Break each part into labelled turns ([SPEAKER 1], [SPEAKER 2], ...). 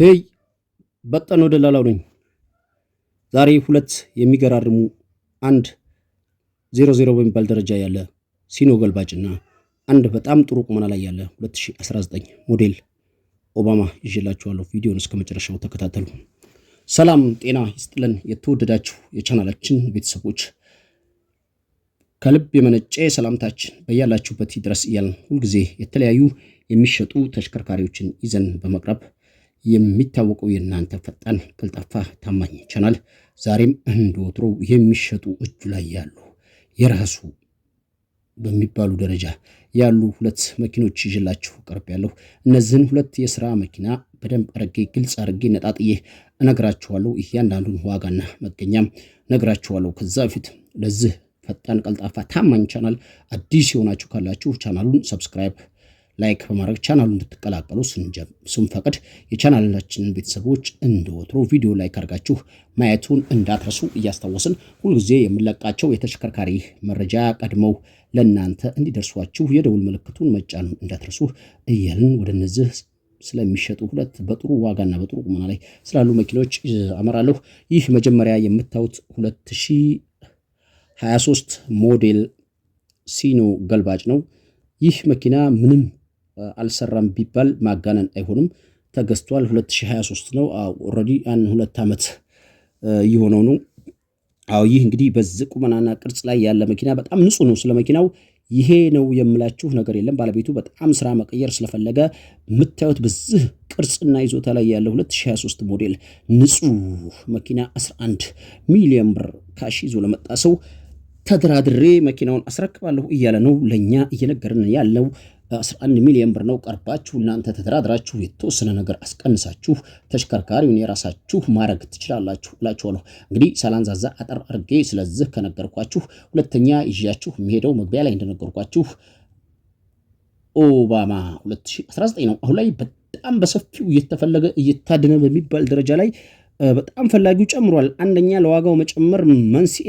[SPEAKER 1] ሄይ በጠነው ደላላው ነኝ። ዛሬ ሁለት የሚገራርሙ አንድ ዜሮ ዜሮ በሚባል ደረጃ ያለ ሲኖ ገልባጭና አንድ በጣም ጥሩ ቁመና ላይ ያለ 2019 ሞዴል ኦባማ ይዤላችኋለሁ። ቪዲዮን እስከ መጨረሻው ተከታተሉ። ሰላም ጤና ይስጥልን። የተወደዳችሁ የቻናላችን ቤተሰቦች ከልብ የመነጨ ሰላምታችን በያላችሁበት ይድረስ እያልን ሁልጊዜ የተለያዩ የሚሸጡ ተሽከርካሪዎችን ይዘን በመቅረብ የሚታወቀው የእናንተ ፈጣን ቀልጣፋ ታማኝ ቻናል ዛሬም እንደወትሮው የሚሸጡ እጁ ላይ ያሉ የራሱ በሚባሉ ደረጃ ያሉ ሁለት መኪኖች ይዤላችሁ ቀርብ ያለሁ እነዚህን ሁለት የስራ መኪና በደንብ አድርጌ ግልጽ አርጌ ነጣጥዬ እነግራችኋለሁ። እያንዳንዱን ዋጋና መገኛም ነግራችኋለሁ። ከዛ በፊት ለዚህ ፈጣን ቀልጣፋ ታማኝ ቻናል አዲስ የሆናችሁ ካላችሁ ቻናሉን ሰብስክራይብ ላይክ በማድረግ ቻናሉ እንድትቀላቀሉ ስንፈቅድ የቻናላችንን ቤተሰቦች እንደወትሮ ቪዲዮ ላይክ አድርጋችሁ ማየቱን እንዳትረሱ እያስታወስን ሁልጊዜ የምንለቃቸው የተሽከርካሪ መረጃ ቀድመው ለእናንተ እንዲደርሷችሁ የደውል ምልክቱን መጫኑን እንዳትረሱ እያልን ወደ እነዚህ ስለሚሸጡ ሁለት በጥሩ ዋጋና በጥሩ ቁመና ላይ ስላሉ መኪኖች አመራለሁ። ይህ መጀመሪያ የምታዩት 2023 ሞዴል ሲኖ ገልባጭ ነው። ይህ መኪና ምንም አልሰራም ቢባል ማጋነን አይሆንም። ተገዝቷል። 2023 ነው። ኦልሬዲ አንድ ሁለት ዓመት እየሆነው ነው። አዎ ይህ እንግዲህ በዚህ ቁመናና ቅርጽ ላይ ያለ መኪና በጣም ንጹህ ነው። ስለ መኪናው ይሄ ነው የምላችሁ ነገር የለም። ባለቤቱ በጣም ስራ መቀየር ስለፈለገ የምታዩት በዚህ ቅርጽና ይዞታ ላይ ያለ 2023 ሞዴል ንጹህ መኪና 11 ሚሊዮን ብር ካሽ ይዞ ለመጣ ሰው ተደራድሬ መኪናውን አስረክባለሁ እያለ ነው ለእኛ እየነገርን ያለው። 11 ሚሊዮን ብር ነው። ቀርባችሁ እናንተ ተደራድራችሁ የተወሰነ ነገር አስቀንሳችሁ ተሽከርካሪውን የራሳችሁ ማድረግ ትችላላችሁ እላችኋለሁ። እንግዲህ ሳላንዛዛ አጠር አድርጌ ስለዚህ ከነገርኳችሁ፣ ሁለተኛ ይዣችሁ የሚሄደው መግቢያ ላይ እንደነገርኳችሁ ኦባማ 2019 ነው። አሁን ላይ በጣም በሰፊው እየተፈለገ እየታደነ በሚባል ደረጃ ላይ በጣም ፈላጊው ጨምሯል። አንደኛ ለዋጋው መጨመር መንስኤ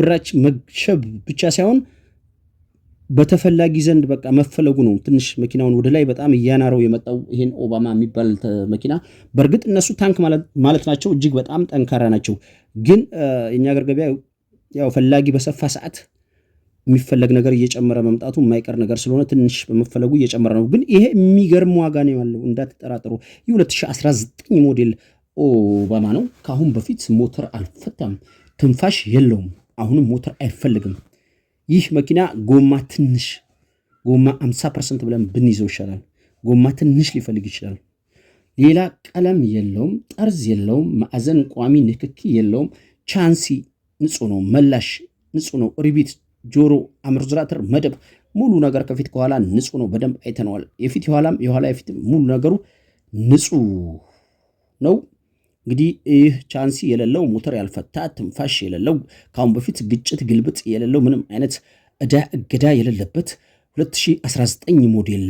[SPEAKER 1] ብራች መሸብ ብቻ ሳይሆን በተፈላጊ ዘንድ በቃ መፈለጉ ነው። ትንሽ መኪናውን ወደ ላይ በጣም እያናረው የመጣው ይሄን ኦባማ የሚባል መኪና። በእርግጥ እነሱ ታንክ ማለት ናቸው፣ እጅግ በጣም ጠንካራ ናቸው። ግን የኛ አገር ገበያ ያው ፈላጊ በሰፋ ሰዓት የሚፈለግ ነገር እየጨመረ መምጣቱ የማይቀር ነገር ስለሆነ ትንሽ በመፈለጉ እየጨመረ ነው። ግን ይሄ የሚገርም ዋጋ ነው ያለው እንዳትጠራጠሩ። የ2019 ሞዴል ኦባማ ነው። ከአሁን በፊት ሞተር አልፈታም፣ ትንፋሽ የለውም። አሁንም ሞተር አይፈልግም። ይህ መኪና ጎማ ትንሽ ጎማ 50 ፐርሰንት ብለን ብንይዘው ይሻላል። ጎማ ትንሽ ሊፈልግ ይችላል። ሌላ ቀለም የለውም፣ ጠርዝ የለውም፣ ማዕዘን ቋሚ ንክኪ የለውም። ቻንሲ ንጹህ ነው፣ መላሽ ንጹህ ነው፣ ሪቢት፣ ጆሮ፣ አምርዝራትር፣ መደብ ሙሉ ነገር ከፊት ከኋላ ንጹህ ነው። በደንብ አይተነዋል። የፊት የኋላም የኋላ የፊት ሙሉ ነገሩ ንጹህ ነው። እንግዲህ ይህ ቻንሲ የሌለው ሞተር ያልፈታ ትንፋሽ የሌለው ከአሁን በፊት ግጭት ግልብጥ የሌለው ምንም አይነት እዳ እገዳ የሌለበት 2019 ሞዴል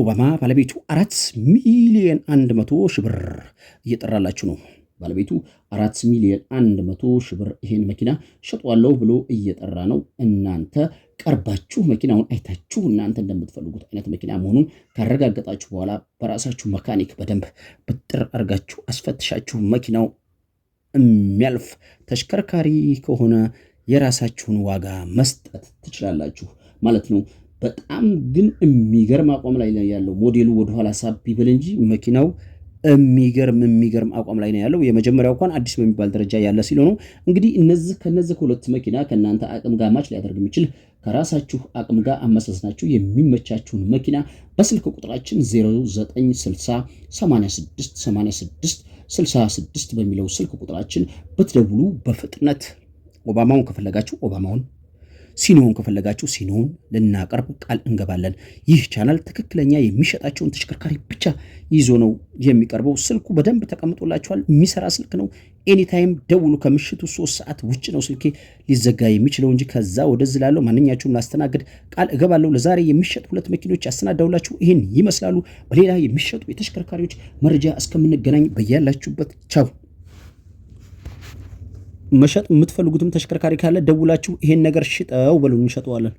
[SPEAKER 1] ኦባማ ባለቤቱ አራት ሚሊየን አንድ መቶ ሺህ ብር እየጠራላችሁ ነው። ባለቤቱ አራት ሚሊየን አንድ መቶ ሺህ ብር ይሄን መኪና ሸጧለሁ ብሎ እየጠራ ነው። እናንተ ቀርባችሁ መኪናውን አይታችሁ እናንተ እንደምትፈልጉት አይነት መኪና መሆኑን ካረጋገጣችሁ በኋላ በራሳችሁ መካኒክ በደንብ ብጥር አድርጋችሁ አስፈትሻችሁ መኪናው የሚያልፍ ተሽከርካሪ ከሆነ የራሳችሁን ዋጋ መስጠት ትችላላችሁ ማለት ነው። በጣም ግን የሚገርም አቋም ላይ ያለው ሞዴሉ ወደኋላ ሳብ ይበል እንጂ መኪናው የሚገርም የሚገርም አቋም ላይ ነው ያለው። የመጀመሪያው እንኳን አዲስ በሚባል ደረጃ ያለ ሲሉ ነው እንግዲህ እነዚህ ከነዚህ ሁለት መኪና ከእናንተ አቅም ጋር ማች ሊያደርግ የሚችል ከራሳችሁ አቅም ጋር አመሳስናችሁ የሚመቻችሁን መኪና በስልክ ቁጥራችን 0960868666 በሚለው ስልክ ቁጥራችን ብትደውሉ በፍጥነት ኦባማውን ከፈለጋችሁ ኦባማውን ሲኖን ከፈለጋችሁ ሲኖን ልናቀርብ ቃል እንገባለን። ይህ ቻናል ትክክለኛ የሚሸጣቸውን ተሽከርካሪ ብቻ ይዞ ነው የሚቀርበው። ስልኩ በደንብ ተቀምጦላችኋል። የሚሰራ ስልክ ነው። ኤኒታይም ደውሉ። ከምሽቱ ሶስት ሰዓት ውጭ ነው ስልኬ ሊዘጋ የሚችለው እንጂ ከዛ ወደዚህ ላለው ማንኛችሁም ላስተናግድ ቃል እገባለሁ። ለዛሬ የሚሸጡ ሁለት መኪኖች ያስተናዳውላችሁ ይህን ይመስላሉ። በሌላ የሚሸጡ የተሽከርካሪዎች መረጃ እስከምንገናኝ በያላችሁበት ቻው። መሸጥ የምትፈልጉትም ተሽከርካሪ ካለ ደውላችሁ ይሄን ነገር ሽጠው በሉ እንሸጠዋለን።